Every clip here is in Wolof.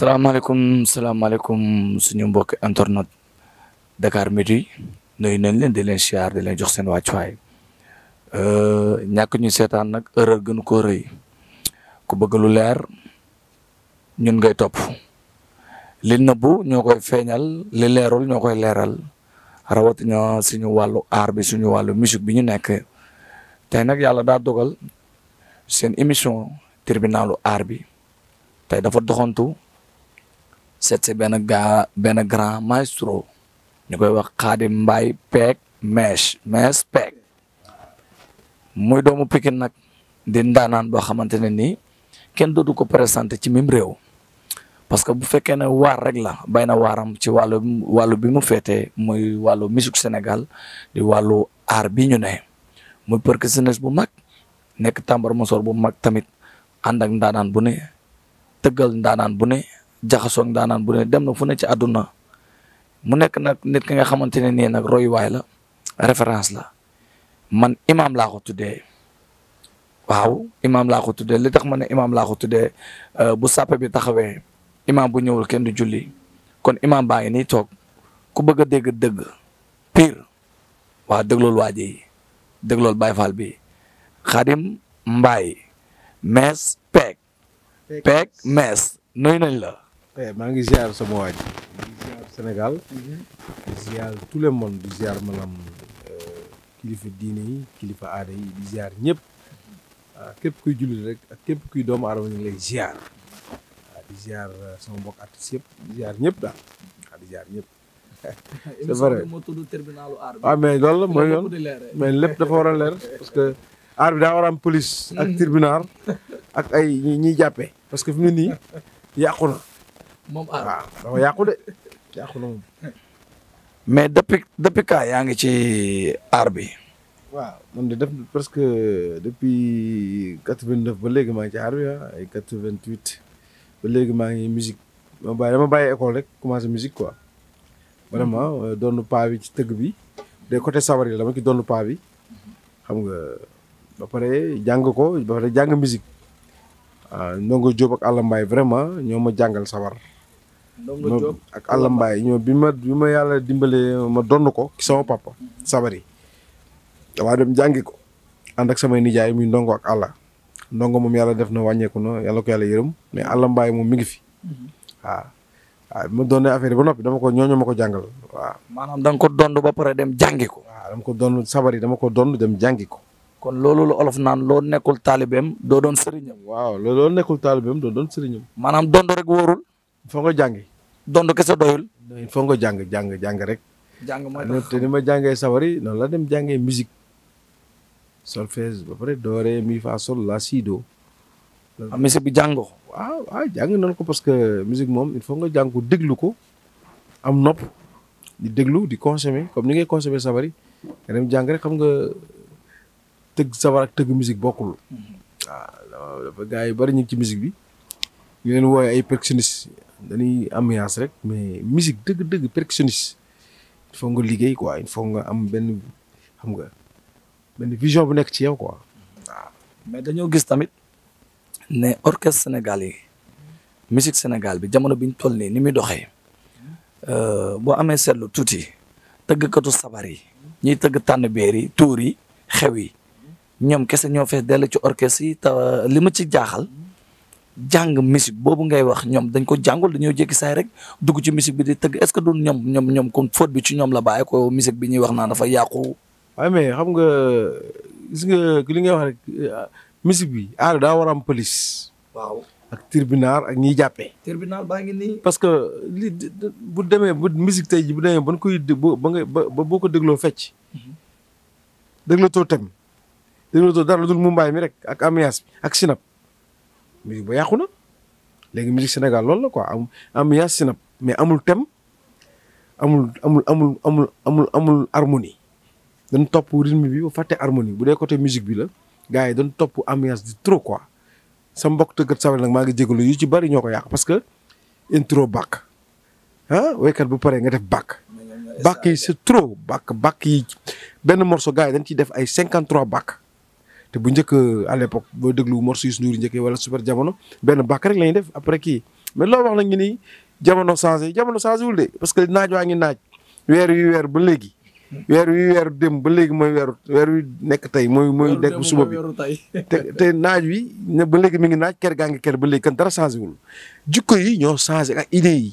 salaamaaleykum salaamaaleykum suñu mbokk internet Dakar Midi nuyu nañ leen di leen siyaar di leen jox seen wàccuwaay euh, ñàkk ñu seetaan nag erreur gënu ko rëy ku bëgg lu leer ñun ngay topp. li bu ñoo koy feeñal li leerul ñoo koy leeral rawatina suñu wàllu aar bi suñu wàllu musique bi ñu nekk tey nag yàlla daa dogal seen émission tribunalu aar bi dafa doxantu seet si benn gaa grand maestro ñu koy wax Xaadim mbaay Peek Mees Mees Peek muy doomu Pikine nag di ndaanaan boo xamante ne nii kenn dootu ko présenté ci mim réew parce que bu fekkee ne waar rek la bay na waaram ci wàllu wàllu bi mu féetee muy wàllu musique Sénégal di wàllu aar bi ñu ne muy percussionniste bu mag nekk tambar mosoor bu mag tamit ànd ak ndaanaan bu ne tëggal ndaanaan bu ne jaxasoo ak ndaanaan bu ne dem na fu ne ci àdduna mu nekk nag nit ki nga xamante ne nii nag royuwaay la référence la man imaam laa ko tuddee waaw imaam laa ko tuddee li tax ne imaam laa ko tuddee euh, bu sappe bi taxawe imaam bu ñëwul kenn du julli kon imaam baa ngi nii toog ku bëgg a dégg dëgg pire waa déglool waaje yi déglool Baay Faal bi Xadim Mbaay mees peeg peeg mees nuyu nañ la eh, maa ngi ziar sama waaj di ziar Sénégal mhm. di ziar le monde di ziar maanaam euh, kilifa diine yi kilifa aada yi di ziar ñëpp ah, képp kuy julli rek ak képp kuy doomu a ñu lay ziar di ziar euh, sama ñëpp daal waaw di ziar ñëpp. c'est vrai moo tudd tribunalu ah, mais loolu mooy yoon eh. mais lépp dafa war a leer parce que aar bi daa war a am police. ak mm-hmm. tribunal ak ay ñi ñuy jàppee. parce que fi mu ne nii yàqu waaw dafa yàqu de yàqu moom. mais depuis depuis quand yaa ngi ci aar bi. waaw man de def presque depuis quatre vingt neuf ba léegi maa ngi ci aar bi ah ba léegi maa ngi musique ma bàyyi dama bàyyi école rek commencé musique quoi vraiment mm-hmm. euh, doon paa bi ci tëgg bi de côté sabar yi dama ci doon paa bi mm-hmm. xam nga ba pare jàng ko ba pare jàng musique waaw ah, Ndongo Diop ak Alla Mbaye vraiment ñoo ma jàngal sabar. ak Alla Mbaye ñoo bi ma bi ma yàlla dimbalee ma donn ko ci sama papa. sabar yi damaa dem jàngi ko ànd ak samay nijaay muy Ndongo ak Alla. ndongo moom yàlla def na wàññeeku na yàlla ko yàlla yërëm mais àlla mbaay moom mi ngi fi. Mhm. waaw waaw bi ma doonee affaire ba noppi dama ko ñooñu ma ko jàngal waaw. maanaam da nga ko pare dem jàngi ko. waaw dama ko doon sabar yi dama ko dond dem jàngi ko. kon loolu olof naan loo nekkul taalibeem doo doon sëriñam. waaw loolu loo nekkul taalibeem doo doon sëriñam. maanaam dond rek wóorul. foo nga jàngi. dond kese doyul. foo nga jàng jàng jàng rek. jàng mooy tax te ni ma jàngee sabar noonu la dem jàngee musique solfège ba pare do ré mi fa sol la si am ah, musique bi jàng ko. waaw ah, waaw jàng nañ ko parce que musique moom il faut nga jàng ko déglu ko am nopp di déglu di consommer comme ni ngay consommer sabar yi nga dem jàng rek xam nga tëgg sabar ak tëgg musique bokkul. waaw dafa gars yi bari ñu ngi ci musique bi ñu leen wooye ay percussionniste dañuy ambiance rek mais musique dëgg-dëgg percussionniste il faut nga liggéey ko il faut nga am benn xam nga. benn vision bu nekk ci yow quoi. waaw mais dañoo gis tamit ne orchestre Sénégal yi musique Sénégal bi jamono biñ toll nii ni muy doxee euh, boo amee seetlu tuuti tëgg tëggkatu sabar yi ñiy tëgg tànn beer yi tuur yi xew yi ñoom kese ñoo fees dell ci orchestre yi te euh, li ma ci jaaxal. jàng musique boobu ngay wax ñoom dañ ko jàngul dañoo jékki saay rek dugg ci musique bi di tëgg est-ce du ñoom ñoom ñoom kon faute bi ci ñoom la bàyyi ko musique bi ñuy wax naa dafa yàqu waaye xam nga gis nga li nga wax rek euh, musique bi aada daa war am police. ak tribunal ak ñiy jàppee. tribunal baa ngi nii. parce que li bu demee bu musique tey ji bu demee ba nga koy ba nga ba boo ko dégloo fecc. dégloo too tem mhm. dégloo too dara dul mumbaay mi rek ak ambiance bi ak sinap musique ba yàqu na léegi musique Sénégal loolu la quoi am ambiance sinap mais amul tem amul amul amul amul amul amul harmonie. dañ topp rythme bi ba fàtte harmonie bu dee côté musique bi la gars yi dañ topp ambiance di trop quoi sa mbokk tëggat sabar nag maa ngi jégalu yu ci bari ñoo ko yàq parce que intro bàkk ah waykat bu paree nga def bàkk bàkk yi c'est trop bàkk bàkk yi benn morceau gars yi dañ ciy def ay 53 bàkk te bu njëkk à l'époque boo déglu morceau yu sunduur njëkk wala super jamono benn bàkk rek lañuy def après kii mais loolu wax na ngi ni jamono changé jamono changé wul parce que naaj waa ngi naaj weer yu weer ba léegi weer wi weeru dem ba léegi mooy weeru weer wi nekk tey mooy mooy nekk suba bi te te naaj wi ne ba léegi mi ngi naaj ker gaa ngi ker ba léegi kan dara changé wul jikko yi ñoo changé ak idée yi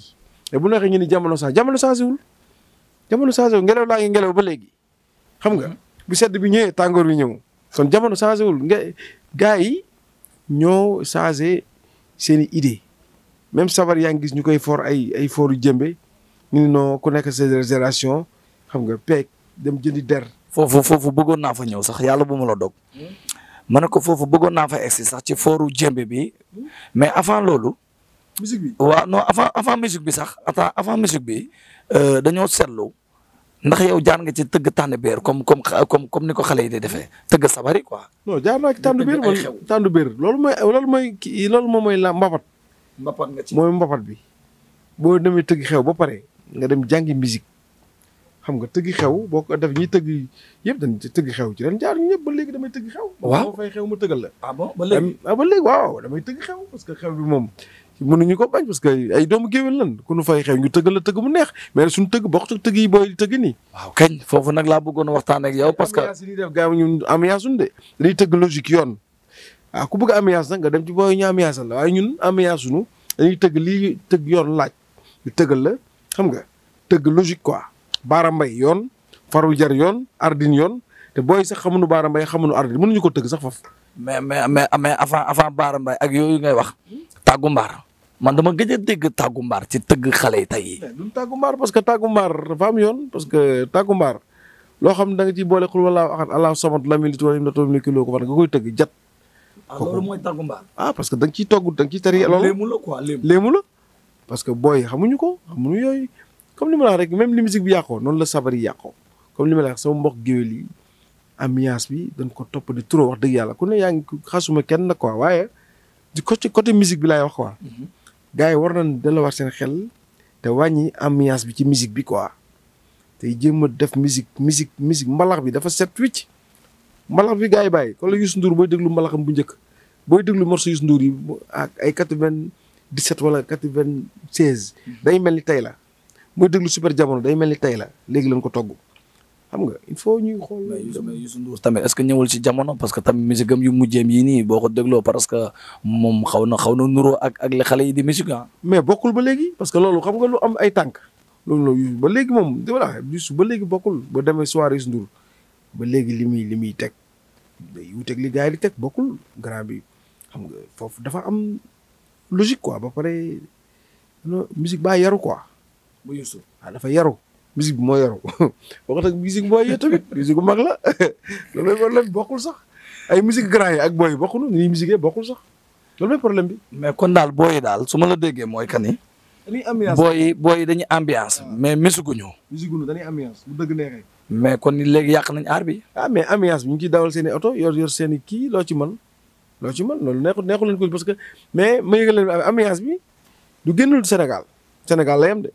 te bu neexee ñu ni jamono changé jamono changé wul jamono changé ngelaw laa ngi ngelaw ba léegi xam nga bu sedd bi ñëwee tàngoor bi ñëw kon jamono changé wul nga gars yi ñoo changé seeni i idée même sabar yaa ngi gis ñu koy for ay ay foru jëmbe ñu ku nekk sa génération xam nga peeg dem jëndi der. foofu foofu bëggoon naa fa ñëw sax yàlla bu ma la dog hmm? ma ne ko foofu bëggoon naa fa egsi sax ci fooru jëmbe bi hmm? mais avant loolu. musique bi waaw non avant avant bi sax attends avant musique bi euh, dañoo seetlu ndax yow jaan nga ci tëgg tànn beer comme comme comme comme ni ko xale yi de defee tëgg sabari quoi. non jaar naa ci tànn beer man tànn loolu mooy loolu mooy moom mooy la mbapat. mbapat nga ci mooy mbapat bi boo demee tëgg xew ba pare nga dem jàngi musique. xam nga tëggi xew boo ko def tëgg yëpp dañ tëggi xew ci ren jaar ñu ñëpp ba léegi damay tëggi xew waaw fay ma tëggal la ah bon ba léegi ah, ba léegi xew parce que xew bi moom mënuñu ko bañ parce que doomu géwél lan ku nu fay xew ñu tëggal la tëgg mu neex mais suñu tëgg bokk tëgg yi booy di tëgg nii waaw kañ foofu nag laa bëggoon waxtaan ak yow parce que ambiance yi def gars yi ñun ambiance de dañuy tëgg yoon ah, ku bëgg ambiance nag nga dem ci booy ñu la waaye ñun ambiance suñu dañuy tëgg lii tëgg yoon laaj ñu tëggal la xam nga tëgg logique quoi Baara Mbay yoon Farou Jar yoon Ardine yoon te booy sax xamuñu Baara Mbay xamuñu Ardine mënuñu ko tëgg sax foofu. mais mais mais mais avant avant Baara Mbay ak yooyu ngay wax tàggu mbaar man dama gëj a dégg tàggu mbaar ci tëgg xale yi tey. du tàggu mbaar parce que tàggu mbaar yoon parce que tàggu mbaar loo xam ne da nga ciy boole xul wala axat allah somat lam yalid wa lam yuulad wa lam yakul lahu kufuwan nga ah, ah parce que da nga ciy togg da nga ciy tari. Ah, loolu léemu la quoi léemu la. parce que booy xamuñu ko xamuñu yooyu comme li ma la wax rek même li musique bi yàqoo noonu la sabar yi yàqoo comme li ma la wax sama mbokk géwél yi ambiance bi dañ ko topp de trop wax dëgg yàlla ku ne yaa ngi xasuma kenn nag quoi waaye ci côté côté musique bi laay wax quoi. Mhm. gars yi war nañ delluwaat seen xel te wàññi ambiance bi ci musique bi quoi te jéem a def musique musique musique mbalax bi dafa set wicc mbalax bi gars yi bàyyi ko la Youssou Ndour booy déglu mbalaxam bu njëkk booy déglu morceau Youssou nduur yi ak ay quatre vingt dix sept wala quatre vingt seize mhm. day mel ni tey la. mooy déglu super jamono day mel ni tey la léegi lañ ko togg xam nga il faut ñuy xool. mais Youssou Ndour tamit est ce que ñëwul ci jamono parce que tamit musique am yu mujjeem yi nii boo ko dégloo parce que moom xaw na xaw na nuroo ak ak li xale yi di musique ah. mais bokkul ba léegi parce que loolu xam nga lu am ay tànk. loolu ba léegi moom di voilà Youssou ba léegi bokkul ba demee soirée Youssou Ndour ba léegi li muy li muy teg day wuteeg li gars yi di teg bokkul grand bi xam nga foofu dafa am logique quoi ba pare musique baa yaru quoi. bu Youssou ah, dafa yaru musique bi moo yaru waxtaan musique booy yi tamit musique bu mag la loolu mooy problème bokkul sax ay musique grand yi ak booy yi bokkul ni ñuy musique bokkul sax loolu mooy problème bi. mais kon daal booy yi daal su ma la déggee mooy que ni. dañuy ambiance booy yi booy yi ambiance mais musikuñu. musikuñu dañuy ambiance bu dëgg neexee. mais kon ni léegi yàq nañ aar bi. ah mais ambiance bi ñu ciy dawal seen i oto yor seen i kii loo ci mën loo ci mën loolu neexul neexul leen ko parce que mais ma yëgal leen ambiance bi du génnul Sénégal Sénégal la yem de.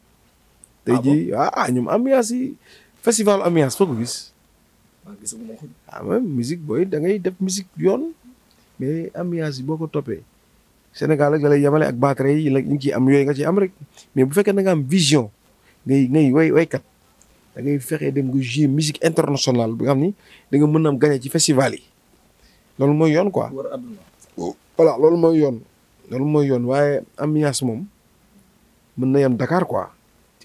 tey ah ji ah ñoom ambiance yi festival ambiance foo ko gis. ah man ah, booy da ngay def musique yoon mais ambiance yi boo ko toppee Sénégal rek lay yemale ak batterie yi la ñu ciy am yooyu nga ci am rek mais bu fekkee da am vision ngay ngay way waykat da ngay fexee dem nga jouer musique international bi nga xam ni da nga mën a am ci festival yi loolu mooy yoon ko oh, voilà loolu mooy yoon. loolu mooy yoon waaye ambiance moom mën na yem Dakar quoi.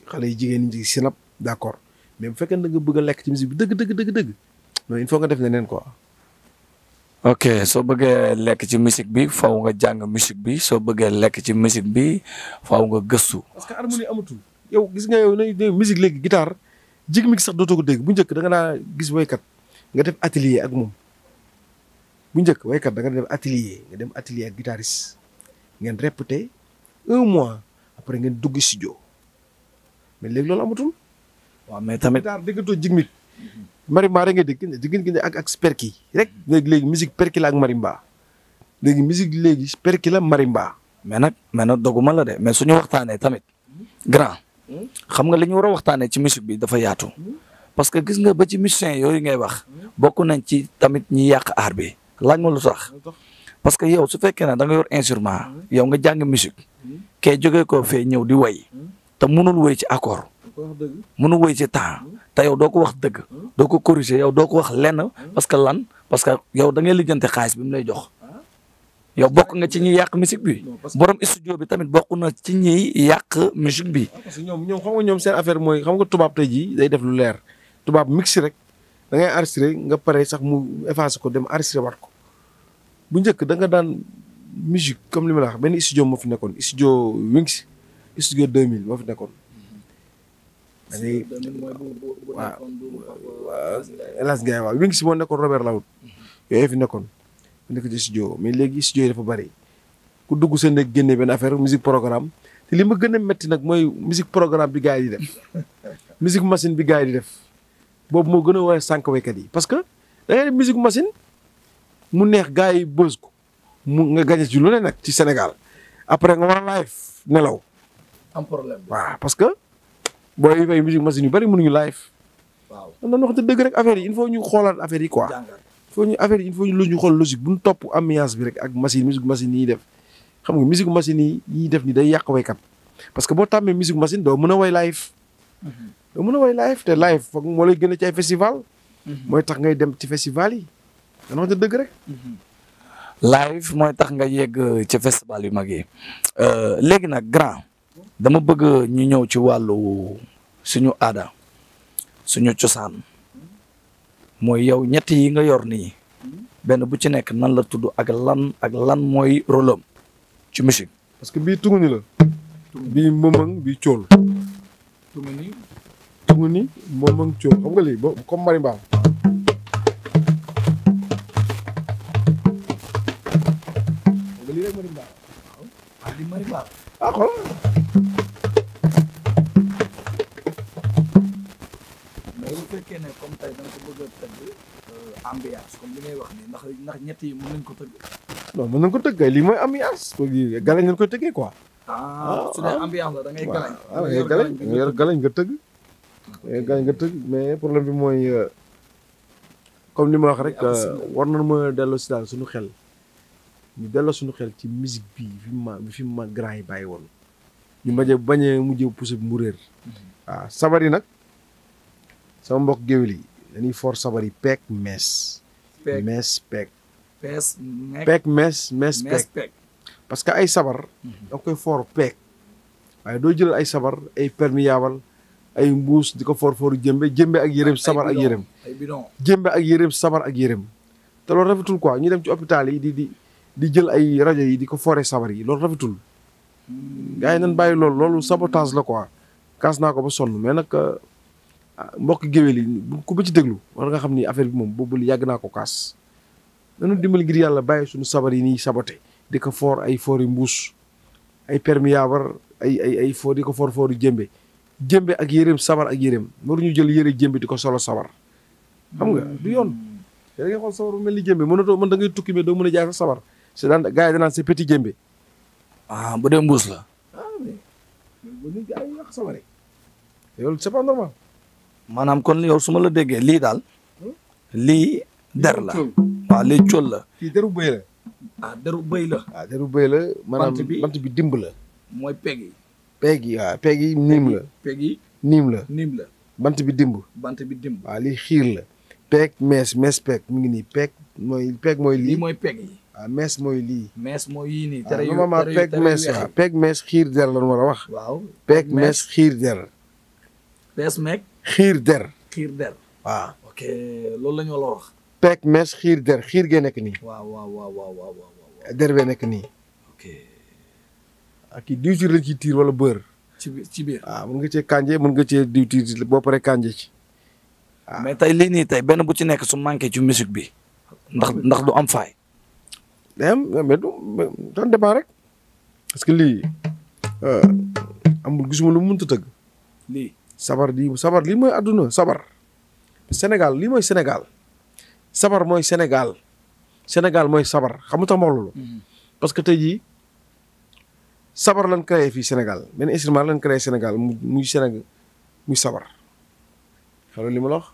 xale yi jigéen ñi si rap d' accord mais bu fekkee da nga bëgg a lekk ci musique bi dëgg dëgg dëgg dëgg non il faut nga def leneen quoi. ok soo bëggee lekk ci musique bi faw nga jàng musique bi soo bëggee lekk ci musique bi faw nga gëstu. parce que harmonie amatul yow gis nga yow nay musique léegi guitare jig mi sax dootoo ko dégg bu njëkk danga nga gis waykat nga def atelier ak moom bu njëkk waykat da nga def atelier nga dem atelier ak guitariste ngeen répété un mois après ngeen dugg studio mais léegi loolu amatul waaw mais tamit daal déggatoo jigmik mm-hmm. marimba rek nga dégg diggante ne ak ak perki rek léegi léegi musique perki la ak marimba léegi musique léegi perki la marimba. mais nag mais nag doguma la de mais suñu waxtaanee tamit mm-hmm. grand mm-hmm. xam nga li ñu war a waxtaanee ci musique bi dafa yaatu parce que gis nga ba ci musiciens yooyu ngay wax bokk nañ ci tamit ñi yàq aar bi laaj ma lu sax parce que yow su fekkee ne da nga yor instrument yow nga jàng musique kee jógee ko fee ñëw di way te mënul wéy ci accord mënul wéy ci temps te yow doo ko wax dëgg doo ko corriger yow doo ko wax lenn parce que lan parce que yow da ngay lijjante xaalis bi mu lay jox yow bokk nga ci ñi yàq musique bi borom studio bi tamit bokku na ci ñi yàq musique bi. Ah, parce que ñoom ñoom xam nga ñoom seen affaire mooy xam nga tubaab tey jii day def lu leer tubaab mix rek da ngay enregistré nga pare sax mu effacé ko dem enregistré waat ko bu njëkk da nga daan musique comme li ma la benn studio moo fi nekkoon studio Wings studio 2000 moo fi nekkoon. Mm-hmm. da ngay waaw waaw ngi si moo nekkoon Robert Lawood mm-hmm. yooyu fi nekkoon nekk ci studio mais léegi studio yi dafa bari ku dugg seen nag génne benn affaire musique programme te li ma gën a métti nag mooy musique programme bi gars yi di def musique machine bi gars yi di def boobu moo gën a woowee sànq waykat yi parce que da ngay musique machine mu neex gars yi bës ko mu nga gagné si lu ne nag ci Sénégal après nga war am parce que booy fay musique machine yu bëri mënuñu live. waaw nan wax dëgg rek affaire yi il faut ñu xoolaat affaire yi quoi. il faut ñu affaire yi ñu lu bu ñu topp ambiance bi rek ak machine musique machine yi xam nga musique machine yi ñuy def ni day yàq waykat parce que boo tàmmee musique machine doo mën a way live. Mhm. mën a way live te live foog moo gën a ci ay festival. Mhm. mooy tax ngay dem ci festival yi. nan wax dëgg rek. Mhm. live mooy tax nga yegg ci festival yu mag yi euh, léegi nag grand. dama bëgg ñu ñëw ci wàllu suñu aada suñu cosaan mooy yow ñett yi nga yor nii benn bu ci nekk nan la tudd ak lan ak lan mooy rôlam ci musique parce que bii tunguni la bii momang bii cool comme tey da nga ko bëgg tëgg euh, ambiance comme li ngay wax nii ndax ndax ñett yi mën nañ ko tëgg. non mën nañ ko tëgg lii mooy ambiance. kooku galañ lañ koy tëggee quoi. ah, ah su dee ah. ambiance la da ngay galañ. waaw ah, da nga tëgg. da ngay galañ nga tëgg mais problème bi mooy euh, comme li ma wax rek. Euh, war nañ ma delloo si daal suñu xel. ñu delloo suñu xel ci musique bi fi mu ma fi grand yi bàyyi woon. ñu bañ a bañ a mujj pousse mu réer. waaw mm-hmm. sabar nag. sama mbokk géwél yi dañuy for sabar yi peeg mees. peeg mees peeg. pees peeg parce que ay sabar. Mhm. da koy foor peeg. waaye doo jël ay sabar ay perméable ay mbuus di ko foor foru jëmbe jëmbe ak yërëm sabar ak yërëm. ay bidon jëmbe ak yërëm sabar ak yërëm. te loolu rafetul quoi ñu dem ci hôpital yi di di di jël ay rajo yi di ko fore sabar yi loolu rafetul. Hmm. gars yi nañ bàyyi loolu loolu sabotage la quoi kaas naa ko ba sonn mais nag. Euh, mbokk géwél yi ku ba ci déglu war nga xam ni affaire bi moom boobul yàgg naa ko kaas nanu dimbali ngir yàlla bàyyi suñu sabar yi nii sabate di ko foor ay foor yu mbuus ay perméable ay ay ay foor di ko foor foor yu jëmbe jëmbe ak yéreem sabar ak yéreem waruñu jël yére jëmbe di ko solo sabar xam nga du yoon da ngay xool ni jëmbe mënatoo mën da ngay tukki doo mën a jaay sa sabar c'est daan gars yi danaan c'est petit jëmbe ah, mbuus la ah, maanaam kon yow su ma la déggee lii daal lii der la waaw lii cóol la fii deru bëy la ah deru bëy ah, bëy la maanaam bant bi dimb la mooy peg yi peg yi waaw peg yi niim la niim la niim la bant bi dimb bant bi dimb waaw lii xiir la peeg mees mees peeg mu ngi nii peeg mooy peeg mooy lii mooy peeg yi mees mooy lii mees mooy yii nii tere yu normalement peeg mees waaw mees xiir der la war a wax waaw peeg mees xiir der pees meeg xiir der. xiir der loolu la ñu war a wax. peeg mes xiir der xiir gee nekk nii. waaw der bee nekk nii. ok. ak ah, kii diwtiir lañ ciy tiir wala beurre. ci biir ci ah, nga cee kànje mën nga cee diwtiir boo paree kànje ci. waaw ah. tey lii nii tey benn bu ci nekk su manqué ci musique bi. ndax ndax du am faay. day am du ça dépend rek. parce que lii euh, amul gisuma sabar di sabar lii mooy àdduna sabar Sénégal lii mooy Sénégal sabar mooy Sénégal Sénégal mooy sabar xam nga tax ma loolu mhm. parce que tey jii sabar lan créé fii Sénégal benn instrument lan créé Sénégal muy Sénégal muy sabar xelal li ma la wax.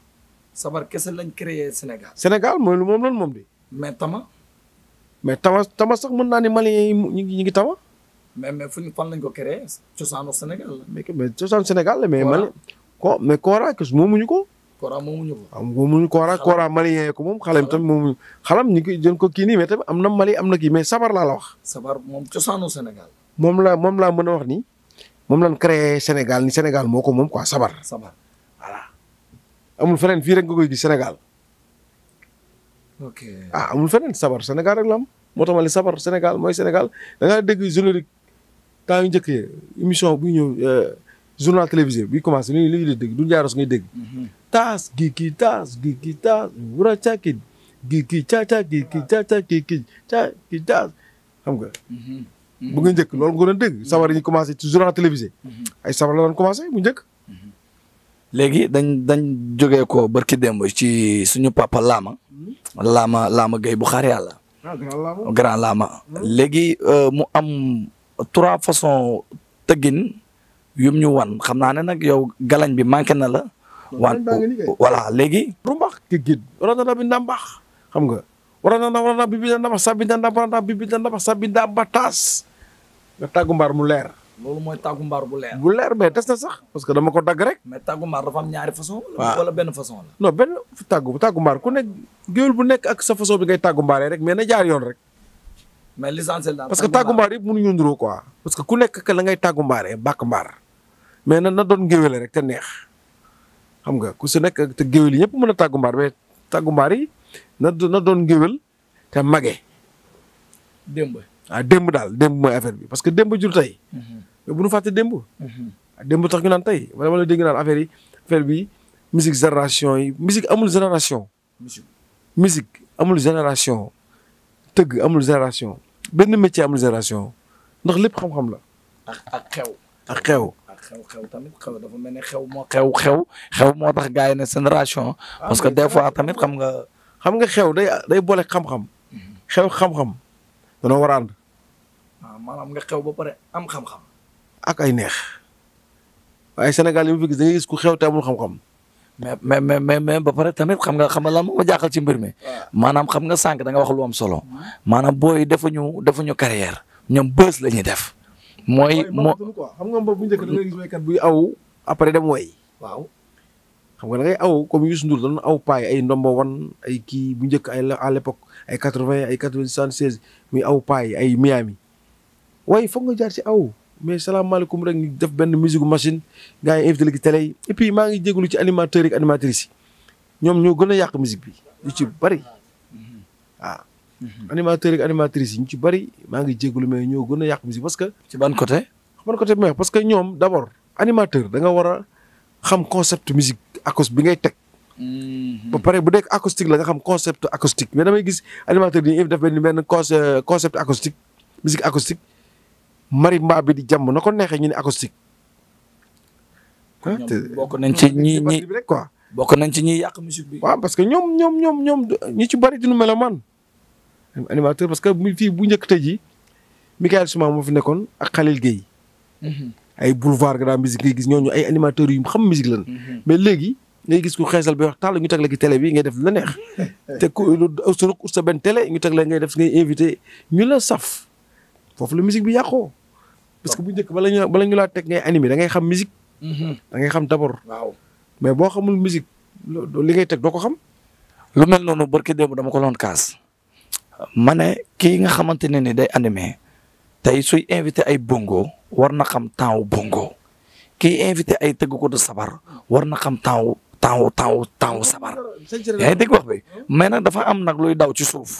sabar kese lañ créé Sénégal. Sénégal mooy lu moom lan moom de. mais tama. mais tama tama sax mën naa yi ñu ngi ñu tama. mais mais fu ñu lañ ko créé cosaanu Sénégal la. mais mais cosaanu Sénégal la Mali ko mais Kora kës moomuñu ko. Kora moomuñu ko. waaw ah, moomuñu Kora ko moom xalam tamit moomuñu xalam ñu ngi jën ko kii nii am na Mali am na kii mais Sabar laa la wax. Sabar moom cosaanu Sénégal. moom la moom laa mën a wax ni moom lañ créé senegal ni Sénégal moo ko moom ko Sabar. Sabar voilà. amul feneen fii rek nga koy gis Sénégal. ok ah amul feneen Sabar Sénégal rek la moo tax ma ne Sabar Sénégal mooy senegal da ngaa dégg temps yu njëkk émission buy ñëw euh, journal télévisé bi commencé li li ñuy dégg du jaaros ngay dégg. Mhm. taas gi kii taas gi kii taas wura caa kii gi kii caa caa gi kii caa caa gi kii caa kii taas xam nga. Mhm. bu nga njëkk loolu nga doon dégg mhm. sabar yi commencé ci journal télévisé. ay sabar la doon commencé bu njëkk. léegi dañ dañ jógee ko barki démb ci suñu papa Lama. Lama Lama Gueye bu xaar yàlla. Ah, Lama grand ah. euh, mu am. trois façons tegin yum ñu wan xam naa ne nag yow galañ bi manqué na la. wan voilà léegi. rumbax tëggin waroon na la bi nambax xam nga waroon na la waroon na bi bi ndambax sabida ndambax bi bi ndambax sabida bataas nga tàggu mbaar mu leer. loolu mooy tàggu mbaar bu leer. bu leer mais des na sax parce que dama ko dagg rek. mais tàggu mbaar dafa ñaari façon. wala benn façon la. non benn tàggu tàggu ku nekk géwél bu nekk ak sa façon bi ngay tàggu rek me na jaar yoon rek. mais l'essentiel daal parce que tàggu mbaar yëpp mënuñu nduroo quoi. parce que ku nekk que la ngay tàggu mbaaree bàkk mbaar mais na na doon géwél rek neex xam nga ku si nekk te géwél yi ñëpp mën a tàggu mbaar mais tàggu mbaar yi na na doon géwél te mage. démb. ah démb daal démb mooy affaire bi parce que démb jur tey. Mhm. mais bu nu fàtte démb. Mhm. Ah, démb tax ñu naan tey wala ma la dégg naan affaire yi affaire bi musique génération yi musique amul génération. musique amul génération. tëgg amul génération benn métier amul génération ndax lépp xam-xam la. ak ak xew. ak xew. ak xew mel ne xew moo. xew xew xew moo tax gars yi ne génération. Ah, parce que des fois tamit xam nga. xam nga xew day day boole xam-xam. Mhm. xew xam-xam. danoo war a ànd. Ah, nga xew ba pare am xam-xam. ak ay neex waaye Sénégal yi mu fi gis da ngay xew te amul xam-xam. mais mais mais mais ba pare tamit xam nga xam nga lan moo ma jaaxal ci mbir mi. maanaam xam nga sànq da nga wax lu am solo. maanaam booy defuñu ñu carrière ñoom bës la ñuy def. mooy moo xam nga bu njëkk da ngay gis aw après dem woy waaw xam nga da aw comme Youssou Ndour doon aw paay ay ndombo wan ay kii bu njëkk ay à l'époque ay quatre vingt ay quatre vingt soixante seize muy aw paay ay Miami waaye foog nga jaar si aw. mais salaamaaleykum rek ñu benn musique machine gars yi invité la ci yi et maa ngi jégalu ci animateurs yi ak yi ñoom ñoo gën a yàq musique bi ñu ci bëri waaw. Ah. animateurs yi ak animatrices yi ñu ci bëri maa ngi jégalu mais ñoo gën a yàq musique parce que. ci ban côté. ban côté bi parce que ñoom d' abord animateur da nga war a xam concept musique acoustique bi ngay teg. Mm-hmm. ba pare bu dee acoustique la nga xam concept acoustique mais damay gis animateur yi def benn benn concept acoustique musique acoustique. marimba bi di jàmm na ko neexee ñu ne acoustique. bokk nañ ci ñi ñi quoi. bokk nañ ci ñi yàq bi. waaw parce que ñoom ñoom ñoom ñoom ñi ci bari duñu mélomane. animateur parce que fii bu njëkk tey jii Michael Souma moo fi nekkoon ak Khalil Gueye. Mhm. ay boulevard grand musique ngay gis ñooñu ay animateurs yu xam musique lan mhm. mais léegi ngay gis ku xeesal bi wax tàll ñu teg la ci télé bi ngay def la neex. te ku sa benn télé ñu teg la ngay def ngay invité ñu la saf foofu la musique bi yàqoo. parce que bu njëkk bala ñu bala ñu laa teg ngay animé da ngay xam musique. Mhm. da xam d'abord. waaw mais boo xamul musique li ngay teg doo ko xam. lu mel noonu barki démb dama ko doon kaas. ma ne kii nga xamante ne ni day animé tey suy invité ay bongo war na xam temps wu bongo kii invité ay tëgg ko du sabar war na xam temps wu temps wu temps wu sabar. yaa ngi dégg bi mais nag dafa am nag luy daw ci suuf.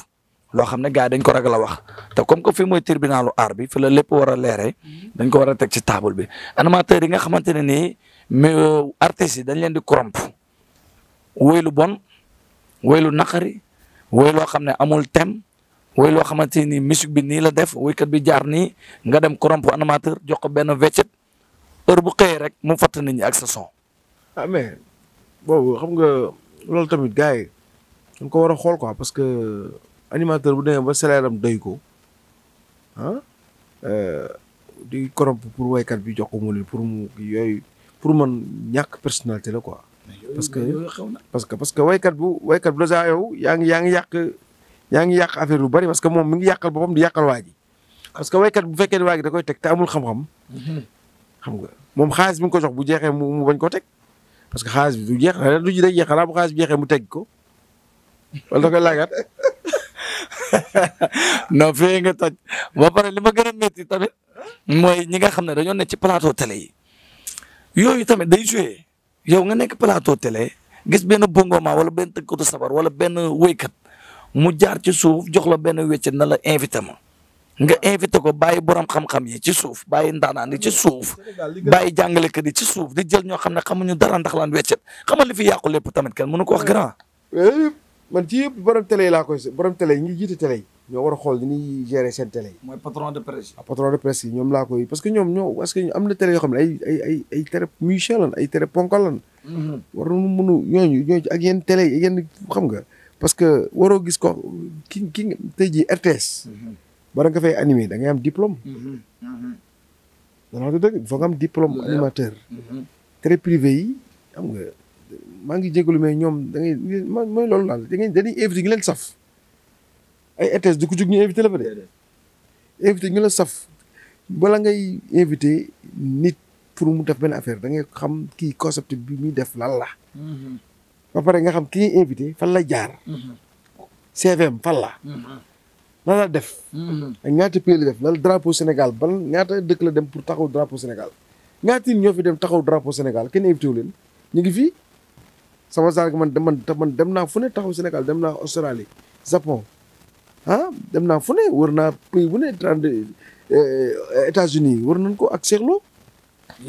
loo xam ne gars dañ ko ragal a wax te comme que fii mooy tribunalu aar bi fi la lépp war mm-hmm. dañ ko war a teg ci table bi animateurs yi nga xamante ne nii mais euh, artistes dañ leen di corrompe woy lu bon woy lu naqari woy loo xam ne amul thème woy loo xamante ni musique bi nii la def woykat bi jaar nii nga dem koromp animateur jox ko benn weccet heure bu xëyee rek mu fatt nit ak sa son. ah mais xam nga loolu tamit gars yi ko war a xool quoi parce que. animateur bu demee ba salaire am doy ko ah euh, di corrompre pour waykat bi jox ko mu ne pour mu yooyu pour man ñàkk personnalité la quoi. parce que parce que parce que waykat bu waykat bu dèjà yow yaa ngi yaa ngi yàq yaa ngi yàq affaire yu bari parce que moom mi ngi yàqal boppam di yàqal waa ji. parce que waykat bu fekkee ne waa ji da koy teg te amul xam-xam. Mm-hmm. xam nga moom xaalis bi nga ko jox bu jeexee mu mu bañ ko teg. parce que xaalis bi du jeex du ji day jeex xanaa bu jeexee mu teg ko wala da koy laagaat. non fii nga toj moo pare li ma gën a métti tamit mooy ñi nga xam ne dañoo ne ci plateau télé yi yooyu tamit day joué yow nga nekk plateau télé gis benn maa wala benn tëggkatu sabar wala benn wéykat mu jaar ci suuf jox la benn wéccet na la invité ma nga invité ko bàyyi borom xam-xam yi ci suuf bàyyi ndaanaan yi ci suuf bàyyi jàngalekat yi ci suuf di jël ñoo xam ne xam xamuñu dara ndax laan xam a li fi yàqu lépp tamit kenn mënu ko wax grand. man ci yëpp borom télé yi laa koy borom télé yi ñu jiite télé yi ñoo war a xool ni ñuy gérer seen télé yi. mooy patron de presse. ah patron de presse yi ñoom laa koy parce que ñoom ñoo parce que am na télé yoo xam ne mhm. a nga. parce que waroo gis ko ki ki tey jii RTS. Mhm. bara nga fay animé da ngay am diplôme. Mhm, da nga wax dëgg il faut nga am diplôme animateur. très privé yi xam nga. maa ngi jégalu mais ñoom da ngay mooy loolu daal da ngay dañuy invité ñu leen ay RTS du ko jug ñu invité la saf bala ngay invité nit pour mu def benn affaire da ngay xam kii concept bi muy def lan la. Mhm. nga xam kii invité fan la jaar. CVM mhm. fan la. Mhm. def. ak ñaata pays la def lan drapeau Sénégal ban ñaata dëkk la dem pour taxaw drapeau Sénégal ñaata ñoo fi dem taxaw drapeau Sénégal kenn invité wu leen ñu ngi fii. sama sarak man man man dem naa fu taxaw Sénégal dem naa Australie Japon ah dem naa fu wër naa pays bu ne trente euh, États-Unis wër nañ ko ak Cheikh Lo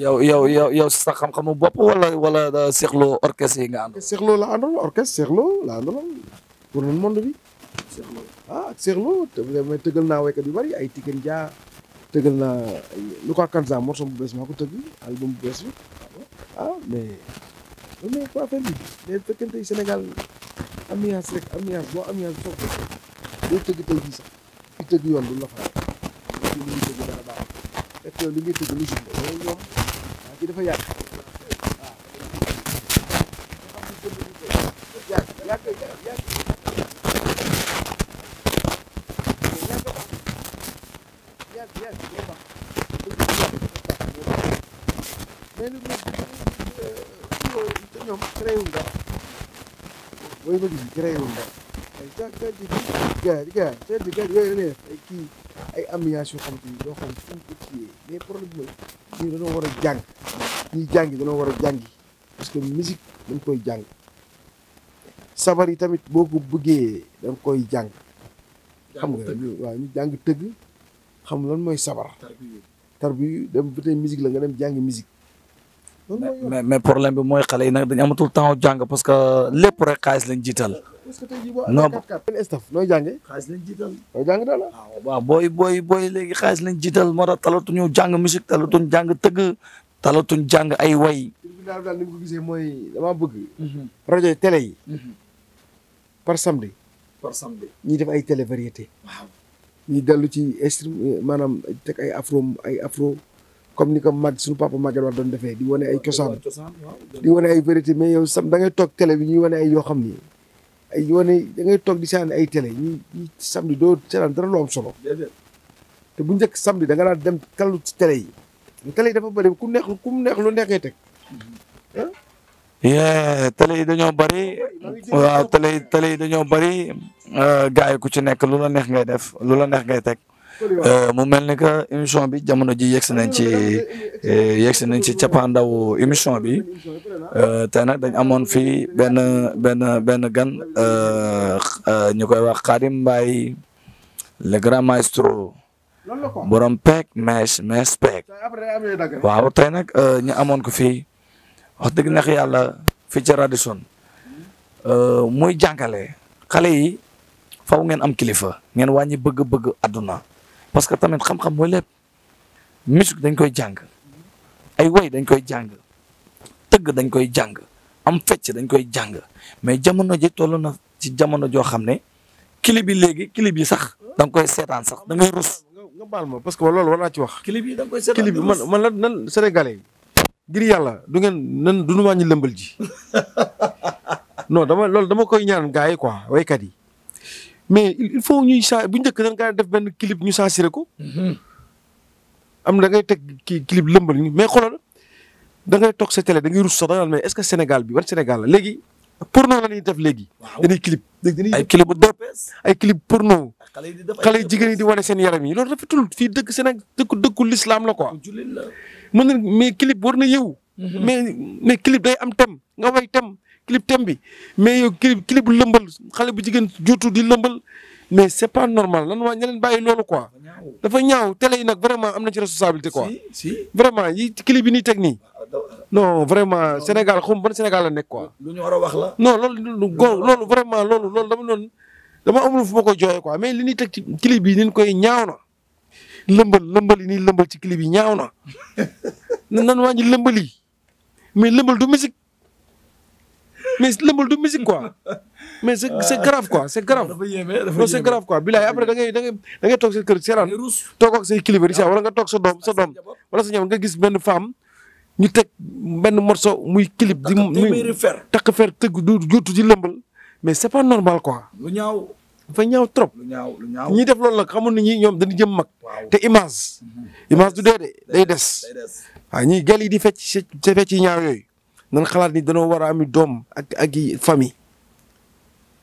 yow yow yow yow sa xam-xamu bopp wala wala euh, Cheikh Lo orchestre yi nga ànd Cheikh la àndal orchestre Cheikh Lo la àndal wër nañ monde bi Cheikh Lo ah, ak Cheikh Lo mais tëggal naa waykat yu bari ay Tiken Jah tëggal naa lu ko ak Kanza morceau bu bees maa ko tëgg album bu bees bi ah mais mais coiffeur bi mais fekkente Sénégal ambiance rek ambiance boo ambiance foog ko boo tëgg tey jii sax fi tëgg yoon du la fa li muy tëgg dara baax fekk yow li ngay tëgg lu jub loolu ñoom waa ci dafa yàgg waaw yàgg yàgg yàgg ñoom créewul dara booy kii ay ambiance yu xam te xam fu mu ko ciyee mais problème mooy war a jàng ñii jàng dañoo war a jàngi parce que musique dañ koy jàng sabar yi tamit boo ko bëggee dañ koy jàng xam nga waaw ñu jàng tëgg xam lan mooy sabar tarbi dem ba tey musique la nga dem jàngi musique mais mais problème bi mooy xale yi nag dañ amatul temps jàng parce que lépp rek xaalis lañ jiital. non staff nooy jàngee. xaalis lañ jiital. nooy jàng daal ah, waaw booy booy booy léegi xaalis lañ jiital moo tax talatuñu jàng musique talatuñ jàng tëgg talatuñ jàng ay way. daal daal mooy damaa bëgg. Mhm. rajo yi télé yi. Mhm. par samedi. par ñuy def ay télé variété. waaw ñuy ci est maanaam teg ay ay afro. comme ni ko mag suñu papa Maguette war doon defee di wane ay cosaan di wane ay vérité mais yow sam da ngay toog télé bi ñuy wane ay yoo xam ni ay wane da ngay toog di saan ay télé ñi samedi doo seetaan dara lu am solo te bu njëkk samedi da nga daal dem kallu ci télé yi dafa bëri ku neex ku mu neex lu neex ngay teg eh, télé yi dañoo bëri waaw télé yi télé yi dañoo bëri eh, gars yi ku ci nekk lu la neex ngay def lu la neex ngay teg Euh, mu mel ni que émission bi jamono ji yegsi nañ ci euh, yegsi nañ ci cappaandaw émission bi euh, tey dañ amoon fii benn benn benn gan ñu koy wax Khadim Mbaye le grand maestro borom peeg mees mees peeg waaw tey nag ñu amoon ko fii wax dëgg neex yàlla fii ci Radisson muy jàngale xale yi faw ngeen am kilifa ngeen wàññi bëgg-bëgg àdduna parce que tamit xam-xam mooy lépp musique dañ koy jàng ay way dañ koy jàng tëgg dañ koy jàng am fecc dañ koy jàng mais jamono ji toll na ci jamono joo xam ne clip bi léegi clip yi sax da koy seetaan sax da ngay rus. nga baal ma parce que loolu war naa ci wax. clip yi da nga koy seetaan man man lan nan ngir yàlla du ngeen nan du ñu wàññi lëmbal ji non dama loolu dama koy ñaan gars yi quoi waykat yi. mais il faut sa bu njëkk da nga def benn clip ñu censuré ko. Mhm. am da ngay teg kii clip lëmbal ñu mais xoolal da ngay toog sa télé da ngay rus sax da nga mais est ce que Sénégal bi wan Sénégal la léegi porno la ñuy def léegi. dañuy clip ay clip bu dope ay pour porno. xale yi jigéen yi di wane seen yaram yi loolu rafetul fi dëkk Sénégal dëkk dëkku l'islam la quoi. mën na mais clip war na yeewu. Mhm. mais mais clip day am tem nga way tem clip thème bi mais yow clip clip lëmbal xale bu jigéen juutu di lëmbal mais c' est pas normal lan waa ña leen bàyyi loolu quoi. dafa ñaaw télé yi nag vraiment am na ci responsabilité quoi. vraiment yi clip yi nii teg nii. Ah, non vraiment ah, Sénégal xaw ma ban Sénégal la nekk quoi. lu war a wax la. non loolu loolu vraiment loolu loolu dama doon dama amul fu ma koy jooyee quoi mais li ñuy teg ci clip yi ni koy ñaaw na. lëmbal lëmbal yi nii lëmbal ci clip yi ñaaw na nan wàññi lëmbal yi mais lëmbal du mais lëmbal du musique quoi mais c' est c' est grave quoi c' est après da ngay da ngay da ngay toog sa kër seeraan. toog ak say kilifa di seeraan wala nga toog sa doom sa doom wala sa ñam nga gis benn femme. ñu teg benn morceau muy clip di muy takk fer tëgg du jottu di lëmbal mais c' est pas normal quoi. lu ñaaw dafa ñaaw trop. lu ñaaw def loolu nag xamul ni ñi ñoom dañu jëm mag. te image. Mhm. image du dee de day des. a des waaw gel yi di fecc ci ñaaw yooyu. nan xalaat ni danoo war a ami doom ak ak i famille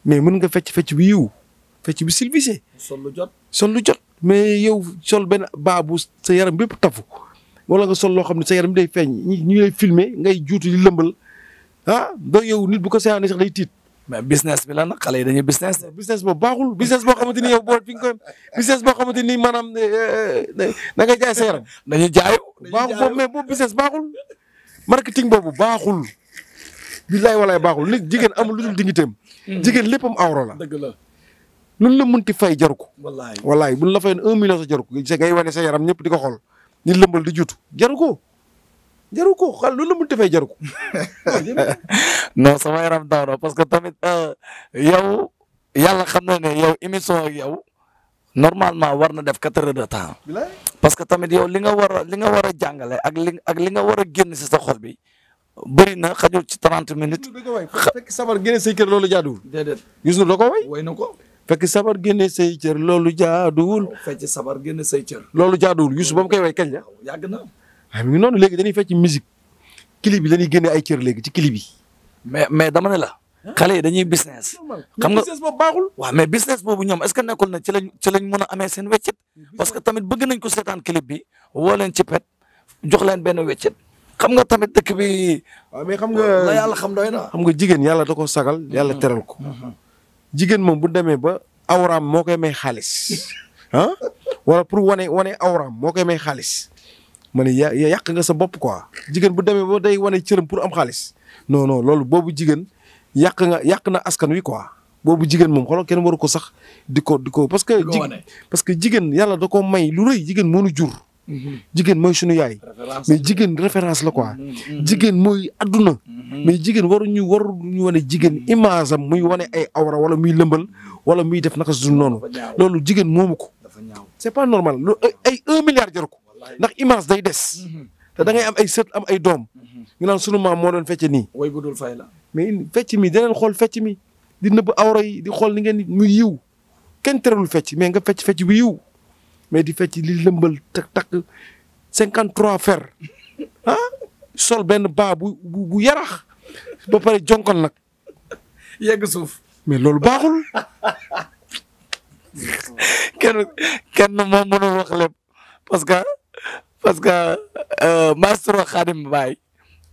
mais mën nga fecc fecc bi yiw fecc bi civilisé. sol lu jot sol lu jot. mais yow sol benn baabu sa yaram bépp tafu wala nga sol loo xam ne sa yaram day feeñ ñi ñu lay filmer ngay juutu di lëmbal ah donc yow nit bu ko seetaanee sax day tiit. mais business bi la nag xale yi dañuy business. business boobu baaxul business boo xamante ni yow boo fi nga koy business boo eh, eh, eh, da ngay jaay sa yaram. dañuy jaayoo baaxul boobu business baaxul. marketing boobu baaxul. billaay walaay baaxul nit jigéen amul lu dul dignitéem hmm. jigéen léppam awro la. dëgg la luñ la mënti fay jaru ko. wallaay wallaay buñ la fayoon un million sa jaru ko sa ngay wane sa yaram ñëpp di ko xool nit lëmbal di juutu jaru ko jaru ko xal lu la mënti fay jaru ko. non sama yaram daaw na parce que tamit euh, yow yàlla xam na ne yow émission ak yow. normalement war na def quatre de temps parce que tamit yow li nga war a li war a jàngale ak li ak li nga war a génn si sa xol bi bëri na xajul ci trente minutes. fekk sabar génne say kër loolu jaaduwul. déedéet Youssou ko way. na ko fekk sabar génne say cër loolu jaaduwul. fekk sabar génne say cër. loolu jaaduwul Youssou ba mu koy way kañ la. yàgg na waaye ngi noonu léegi dañuy fecc musique clip bi dañuy génne ay cër léegi ci clip bi. mais xale yi dañuy business. xam nga business boobu baaxul. waaw mais business boobu ñoom est que nekkul ne ci lañ ci lañ mën a amee seen weccit. parce que tamit bëgg nañ ko seetaan clip bi woo leen ci pet jox leen benn weccit. xam nga tamit dëkk bi. mais xam nga yàlla xam doy na. xam nga jigéen yàlla da ko sagal yàlla mm-hmm. teral ko. Mm-hmm. jigéen moom bu demee ba awraam moo koy may xaalis. ah wala pour wane wane awraam moo koy may xaalis. ma ne ya yàq nga sa bopp quoi. jigéen bu demee ba day wane cëram pour am xaalis. non non loolu boobu jigéen. yàq nga yàq na askan wi quoi boobu jigéen moom xoolal kenn waru ko sax di ko di ko parce que. parce que jigéen yàlla da ko may lu rëy jigéen moo jur. Mhm. jigéen mooy sunu yaay. mais jigéen référence la quoi. Mhm, mhm, jigéen mooy adduna. mais jigéen waruñu waruñu wane jigéen image am muy wane ay awra wala muy lëmbal wala muy def naka suñu noonu loolu jigéen moomu ko. c'est pas normal lu ay un milliard jar ko ndax image day des. te da ngay am ay am ay doom mhm. ñu naan sunu maam moo doon fecc ni way bu dul fay la. mais fecc mi danañ xool fecc mi di nëbb awra di xool ni ngeen mu yiw kenn terewul fecc mais nga fecc fecc bu yiw mais di fecc li lëmbal tak takk cinquante trois fer ah sol benn baa bu bu bu ba pare jonkon nag. yegg suuf. mais loolu baaxul. kenn kenn moom mënul wax lépp parce parce que euh, maestro Xaadim Baay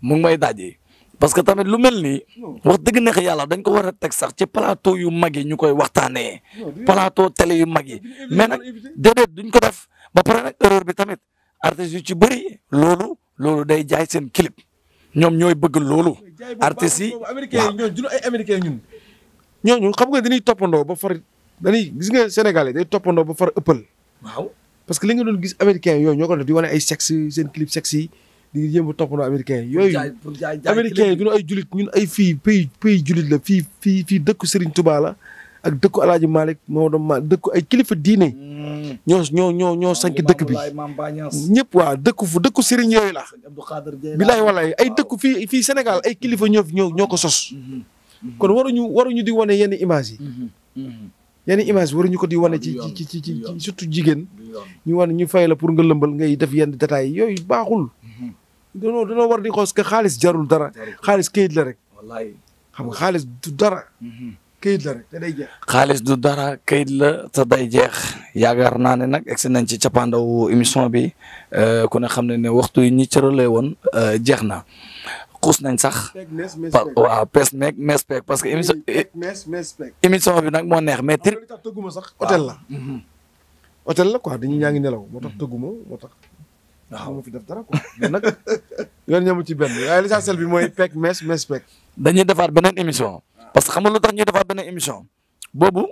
mu ngi may daje parce que tamit lu mel ni wax dëgg neex yàlla dañ ko war a teg sax ci plateau yu mag yi ñu koy waxtaanee plateau télé yu mag yi mais nag déedéet duñ ko def ba pare nag erreur bi tamit artistes yu ci bëri loolu loolu day jaay seen kilip ñoom ñooy bëgg loolu. artistes yi américains ñoo junu ay américains ñun. ñooñu xam nga dañuy toppandoo ba far dañuy gis nga Sénégalais day toppandoo ba far ëppal parce que li nga gis américain yooyu ñoo ko def di wane ay sexe seen clip sexe yi di yëmb toppandoo américain yooyu américain yi ay julit ñun ay fii la fii fii fii dëkku seriñ Touba ak dëkku El Hadj moo Maodo Ma dëkku ay kilifa diine. Hmm. ñoo ñoo ñoo ñoo dëkk bi ñëpp waa dëkku fu dëkku Serigne yooyu la. bilaay walaay ay dëkku fii fii Sénégal ay kilifa ñoo ñoo ñoo ko sos. Hmm, hmm, kon waruñu waruñu di wane yenn image yi. yenn image waruñu ko di wane ci ci ci ci surtout jigéen ñu wane ñu fay la pour nga lëmbal ngay def yenn détails yooyu baaxul mhm. danoo danoo war di xoos que xaalis jarul dara xaalis kayit la rek wallaay xam nga xaalis du dara mhm. kayit la rek day jeex xaalis du dara kayit la te day jeex yaakaar naa ne nag egsi nañ ci cappaandawu émission bi euh, ku ne xam ne ne waxtu yi ñi cëralee woon euh, jeex na xuus nañ sax. waaw pes meeg mes peeg parce que émission. émission bi nag moo neex mais. tri bi mooy peeg mes mes peeg. dañuy defaat beneen émission. parce que xam nga lu tax ñuy defaat beneen émission. boobu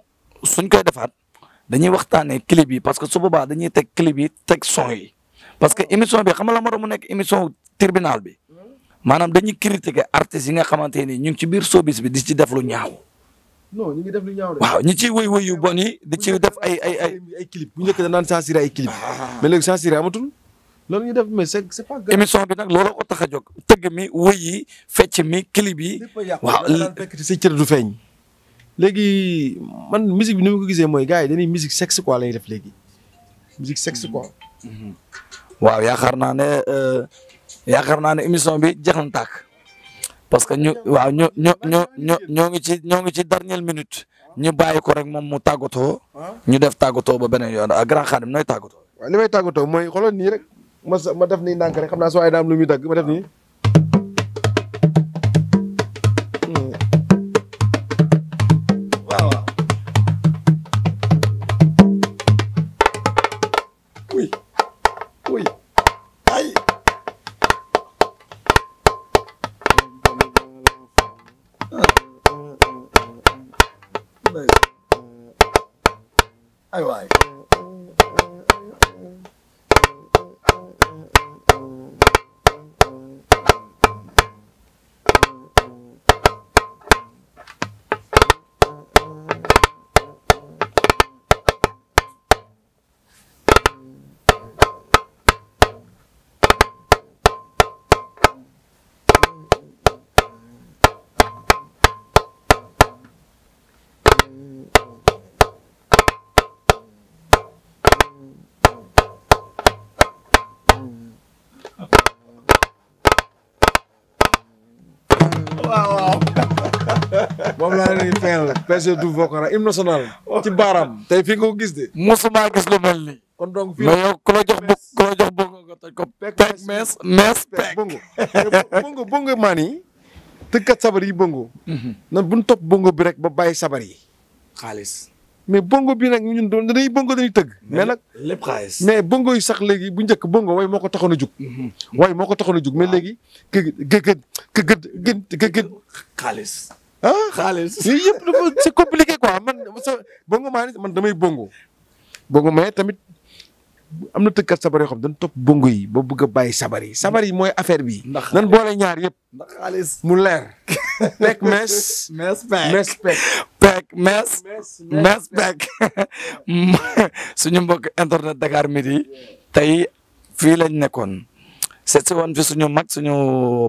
suñ koy defaat dañuy waxtaanee clip yi parce que su boobaa dañuy teg clip yi teg son yi. parce que émission bi xam la moo tax nekk émission tribunal bi. maanaam dañu critiquer artistes yi nga xamante ni ñu ngi ci biir showbiz bi di ci def lu ñaaw. non ñu ngi def lu waaw ñi ciy wëy wëy yu bon yi di ci def ay ay ay. bu njëkk da naan censuré ay clip. Ah. mais léegi censuré amatul. loolu ñu def mais c'est c'est émission bi nag looloo ko a jog tëgg mi wëy yi fecc mi clip yi. waaw li fekk ci cër du feeñ. léegi man musique bi ni mu ko gisee mooy gars yi dañuy musique sexe quoi la ñuy def léegi. musique sexe quoi. Mm-hmm. waaw yaakaar naa ne. Euh, yaakaar naa ne émission bi jeex na tàkk parce que ñu waaw ñu ñu ñu ñu ñoo ngi ci ñoo ngi ci dernière minute ñu bàyyi ko rek moom mu tàggatoo ñu def tàggatoo ba beneen yoon a grand Khadim nooy tàggatoo. waaw li may tàggatoo mooy xooloon ni rek ma ma def nii ndànk rek xam naa soo ay daam lu muy dagg ma def nii. la PSG du Vocara hymne national ci baaraam tey fi nga ko gis de. mosuma gis lu mel nii. kon donc fii mais yow ku la jox bëgg ku la jox bëgg nga toj ko. pek mees mees pek bongo bongo bongo maan yi tëkkat sabar yi bongo. nan bu ñu topp bongo bi rek ba bàyyi sabar yi. xaalis. mais bongo bi nag ñun doon dañuy bongo dañuy tëgg. mais nag lépp xaalis mais bongo yi sax léegi bu njëkk bongo way moo ko taxoon a jug. Mhm. way moo ko taxoon a jug mais ah. léegi. kë gë gë gë gë gë xaalis. ah xaalis yooyu yëpp dafa c'est compliqué man sa bongo maa man damay bongo. bongo mais tamit am na tëkkat sabar yoo xam dañ topp yi ba bëgg a bàyyi sabar yi sabar mooy affair bi. ndax nan boole ñaar yëpp. mu leer. pek mes. pek mes pek. pek mes. mes pek suñu mbokk internet Dakar Midi tey fii lañ nekkoon. seet si woon fi suñu mag suñu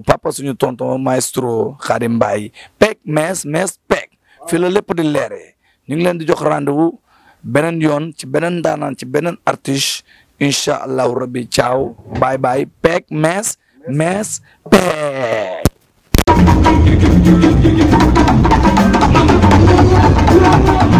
papa suñu tonton maestro Xaadim Mbaye peeg mees mees peeg fii la lépp di leeree ñu ngi leen di jox rendez-vous beneen yoon ci beneen daanan ci beneen artiste incha allahu rabbi ciao baay bye peeg mees mees peeg